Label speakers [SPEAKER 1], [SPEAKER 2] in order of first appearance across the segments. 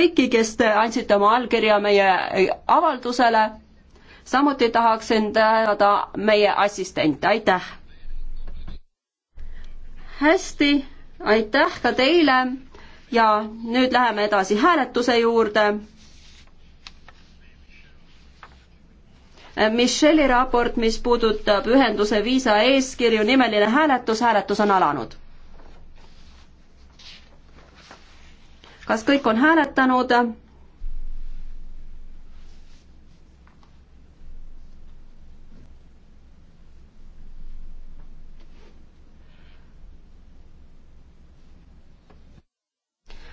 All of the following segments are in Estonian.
[SPEAKER 1] kõiki, kes te andsite oma allkirja meie avaldusele. samuti tahaksin tänada meie assistente, aitäh! hästi, aitäh ka teile ja nüüd läheme edasi hääletuse juurde. Michelli raport, mis puudutab ühenduse viisa eeskirju, nimeline hääletus, hääletus on alanud kas kõik on hääletanud?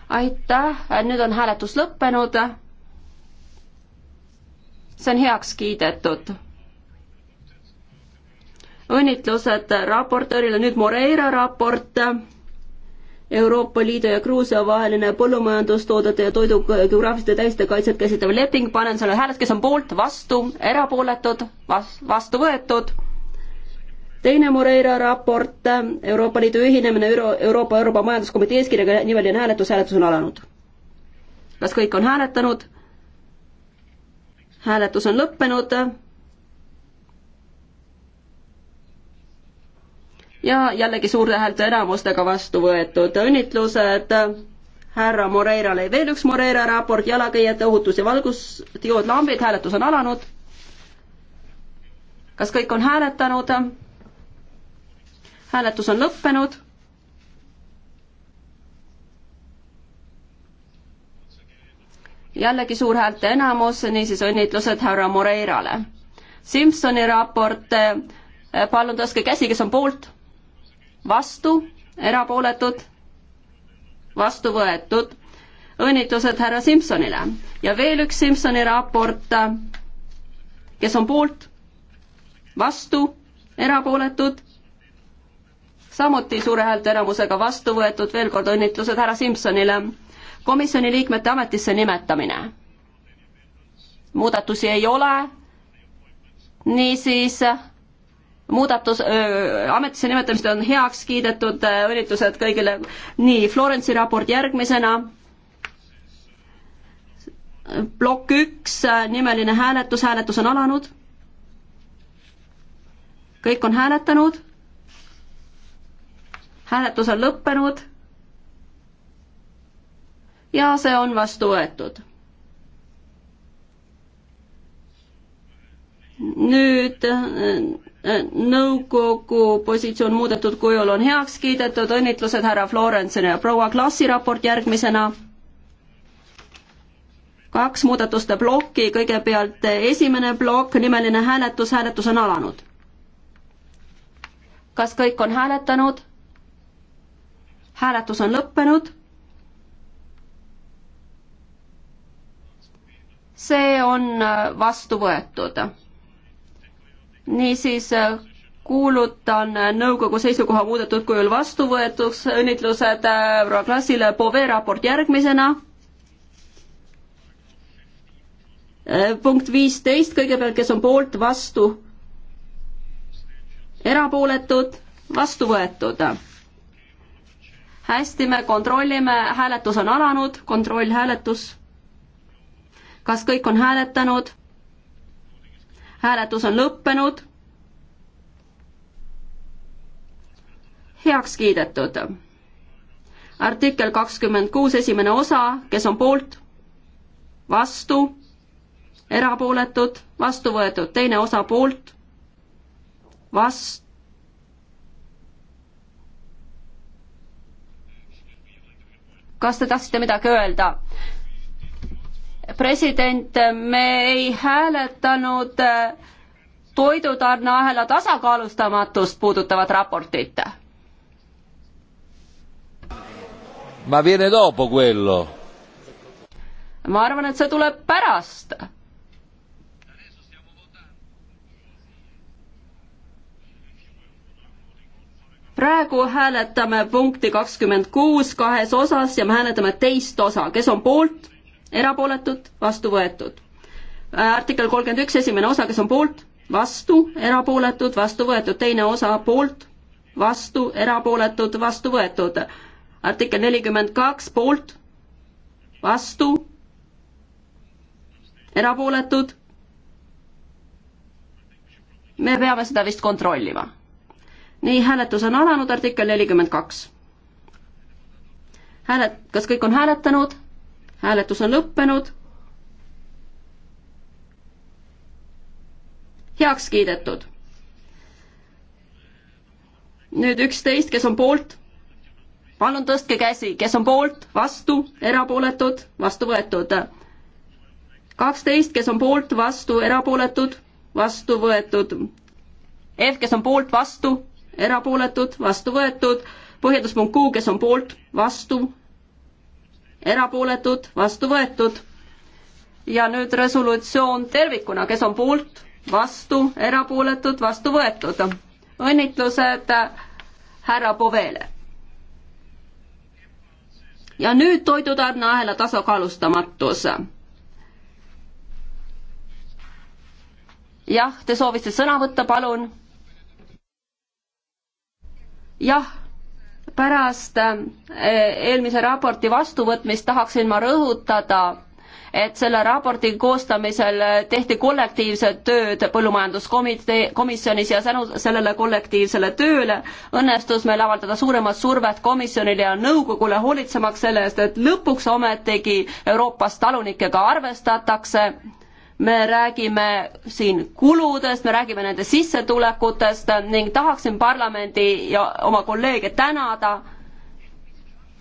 [SPEAKER 1] aitäh, nüüd on hääletus lõppenud. see on heaks kiidetud. õnnitlused raportöörile, nüüd Moreira raport Euroopa Liidu ja Gruusia vaheline põllumajandustoodete ja toidu geograafiliste täiste kaitset käsitlev leping, panen selle hääled, kes on poolt, vastu, erapooletud, vas-, vastu võetud. teine Moreira raport, Euroopa Liidu ühinemine Euro-, Euroopa Euroopa Majanduskomitee eeskirjaga nimeline hääletus, hääletus on alanud. kas kõik on hääletanud? hääletus on lõppenud ja jällegi suurte häälte enamustega vastu võetud. õnnitlused härra Moreirale. veel üks Moreira raport, jalakäijate ohutus ja valgusdiood lambid, hääletus on alanud. kas kõik on hääletanud? hääletus on lõppenud. jällegi suur häälte enamus, niisiis õnnitlused härra Moreirale. Simsoni raport, palun tõstke käsi, kes on poolt vastu, erapooletud, vastu võetud. õnnitlused härra Simsonile ja veel üks Simsoni raport, kes on poolt, vastu, erapooletud, samuti suure häälteenamusega vastu võetud, veel kord õnnitlused härra Simsonile. komisjoni liikmete ametisse nimetamine. muudatusi ei ole, niisiis muudatus äh,, ametisse nimetamised on heaks kiidetud äh,, õnnitlused kõigile. nii, Florence'i raport järgmisena. plokk üks äh,, nimeline hääletus, hääletus on alanud. kõik on hääletanud. hääletus on lõppenud. ja see on vastu võetud nüüd äh, äh, nõukogu positsioon muudetud kujul on heaks kiidetud, õnnitlused härra Florensile ja proua Klassi raport järgmisena. kaks muudatuste plokki, kõigepealt esimene plokk, nimeline hääletus, hääletus on alanud. kas kõik on hääletanud? hääletus on lõppenud. see on vastu võetud niisiis äh, kuulutan äh, nõukogu seisukoha muudetud kujul vastuvõetuks, õnnitlused äh, proua Klassile, Bove raport järgmisena. punkt viisteist, kõigepealt, kes on poolt, vastu, erapooletud, vastu võetud. hästi, me kontrollime, hääletus on alanud, kontrollhääletus. kas kõik on hääletanud? hääletus on lõppenud. heaks kiidetud. artikkel kakskümmend kuus, esimene osa, kes on poolt, vastu, erapooletud, vastu võetud, teine osa poolt, vastu, kas te tahtsite midagi öelda? president, me ei hääletanud äh, toidutarneahela tasakaalustamatust puudutavat raportit. Ma viene dopo quello. ma arvan, et see tuleb pärast. praegu hääletame punkti kakskümmend kuus kahes osas ja me hääletame teist osa, kes on poolt erapooletud, vastu võetud. artikkel kolmkümmend üks, esimene osa, kes on poolt, vastu, erapooletud, vastu võetud, teine osa poolt, vastu, erapooletud, vastu võetud. artikkel nelikümmend kaks, poolt, vastu, erapooletud. me peame seda vist kontrollima. nii, hääletus on alanud, artikkel nelikümmend kaks. Häälet-, kas kõik on hääletanud? hääletus on lõppenud. heaks kiidetud. nüüd üksteist, kes on poolt? palun tõstke käsi, kes on poolt, vastu, erapooletud, vastu võetud. kaksteist, kes on poolt, vastu, erapooletud, vastu võetud. F, kes on poolt, vastu, erapooletud, vastu võetud. põhjenduspunkt Q, kes on poolt, vastu, erapooletud, vastu võetud. ja nüüd resolutsioon tervikuna, kes on poolt, vastu, erapooletud, vastu võetud. õnnitlused härra Povele. ja nüüd toidutarneahela tasakaalustamatus. jah, te soovisite sõna võtta, palun. jah pärast eh, eelmise raporti vastuvõtmist tahaksin ma rõhutada, et selle raporti koostamisel tehti kollektiivset tööd põllumajanduskomitee, komisjonis ja tänu sellele kollektiivsele tööle õnnestus meil avaldada suuremat survet komisjonile ja nõukogule, hoolitsemaks selle eest, et lõpuks ometigi Euroopas talunikega arvestatakse me räägime siin kuludest, me räägime nende sissetulekutest ning tahaksin parlamendi ja oma kolleege tänada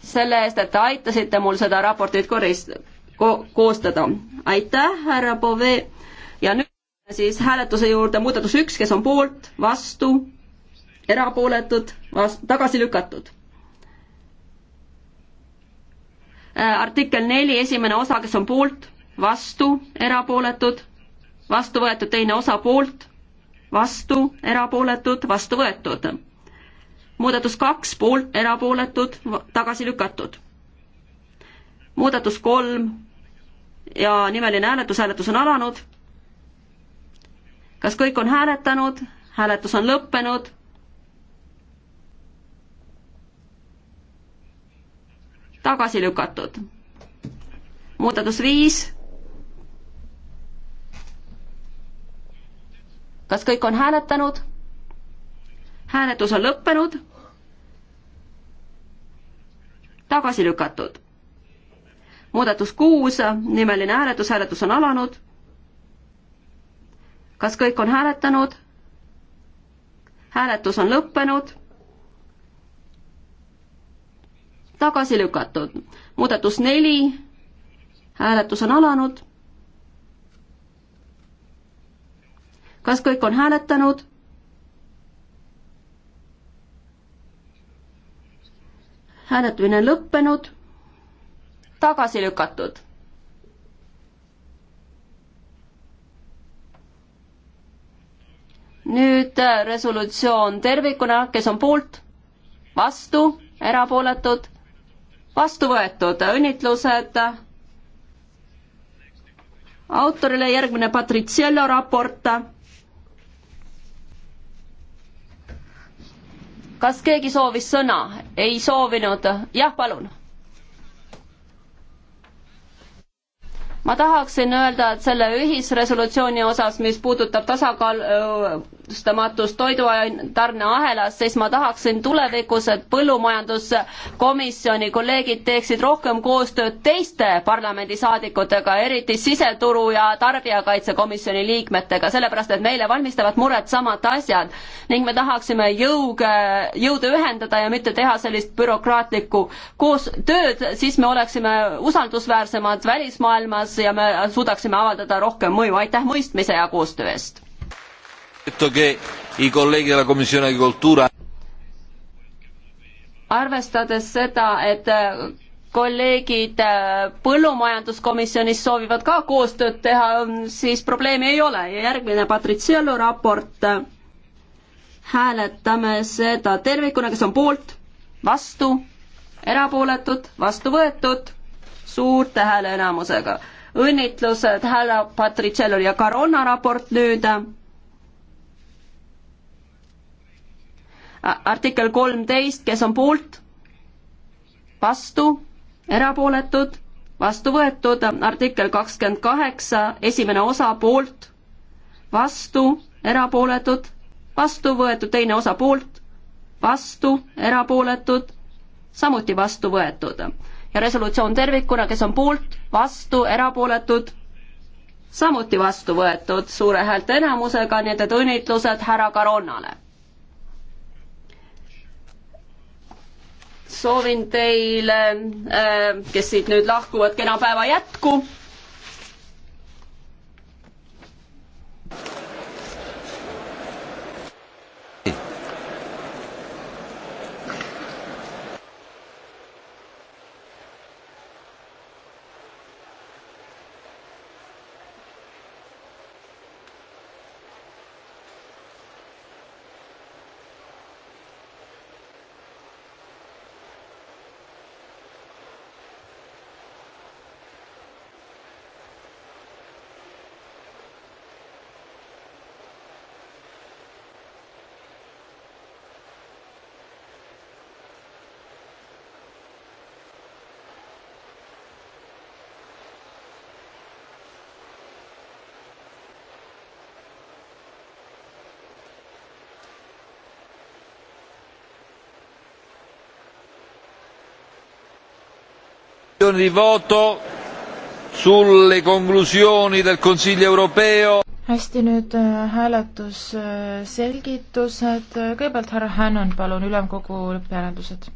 [SPEAKER 1] selle eest, et te aitasite mul seda raportit korist- ko,, koostada. aitäh, härra Bove ja nüüd siis hääletuse juurde muudatus üks, kes on poolt, vastu, erapooletud, vast-, tagasi lükatud. Äh, artikkel neli, esimene osa, kes on poolt vastu, erapooletud, vastu võetud teine osa poolt, vastu, erapooletud, vastu võetud. muudatus kaks poolt, erapooletud, tagasi lükatud. muudatus kolm ja nimeline hääletus, hääletus on alanud. kas kõik on hääletanud? hääletus on lõppenud. tagasi lükatud. muudatus viis kas kõik on hääletanud? hääletus on lõppenud. tagasi lükatud. muudatus kuus, nimeline hääletus, hääletus on alanud. kas kõik on hääletanud? hääletus on lõppenud. tagasi lükatud. muudatus neli, hääletus on alanud kas kõik on hääletanud? hääletamine on lõppenud, tagasi lükatud. nüüd äh, resolutsioon tervikuna, kes on poolt, vastu, erapooletud, vastu võetud, õnnitlused autorile, järgmine Patriziello raport kas keegi soovis sõna? ei soovinud? jah, palun. ma tahaksin öelda, et selle ühisresolutsiooni osas, mis puudutab tasakaal, ühtlustamatus toiduaine tarneahelas, siis ma tahaksin tulevikus, et põllumajanduskomisjoni kolleegid teeksid rohkem koostööd teiste parlamendisaadikutega, eriti siseturu ja tarbijakaitsekomisjoni liikmetega, sellepärast et meile valmistavad muret samad asjad ning me tahaksime jõuga, jõude ühendada ja mitte teha sellist bürokraatlikku koos tööd, siis me oleksime usaldusväärsemad välismaailmas ja me suudaksime avaldada rohkem mõju, aitäh mõistmise ja koostöö eest! detto che i colleghi della Commissione Agricoltura arvestades seda, et äh, kolleegid äh, põllumajanduskomisjonis soovivad ka koostööd teha, mm, siis probleemi ei ole ja järgmine Patriziello raport, hääletame seda tervikuna, kes on poolt, vastu, erapooletud, vastu võetud, suurte hääleenamusega. õnnitlused härra Patriziellol ja Caronna raport nüüd artikkel kolmteist, kes on poolt, vastu, erapooletud, vastu võetud, artikkel kakskümmend kaheksa, esimene osa poolt, vastu, erapooletud, vastu võetud, teine osa poolt, vastu, erapooletud, samuti vastu võetud. ja resolutsioon tervikuna, kes on poolt, vastu, erapooletud, samuti vastu võetud suure häälteenamusega, nii et õnnitlused härra Karonnale soovin teile, äh, kes siit nüüd lahkuvad, kena päeva jätku dichiarazione di voto sulle conclusioni del Consiglio europeo. hästi, nüüd äh, hääletusselgitused, äh, kõigepealt härra Hännon, palun, ülemkogu lõppjäreldused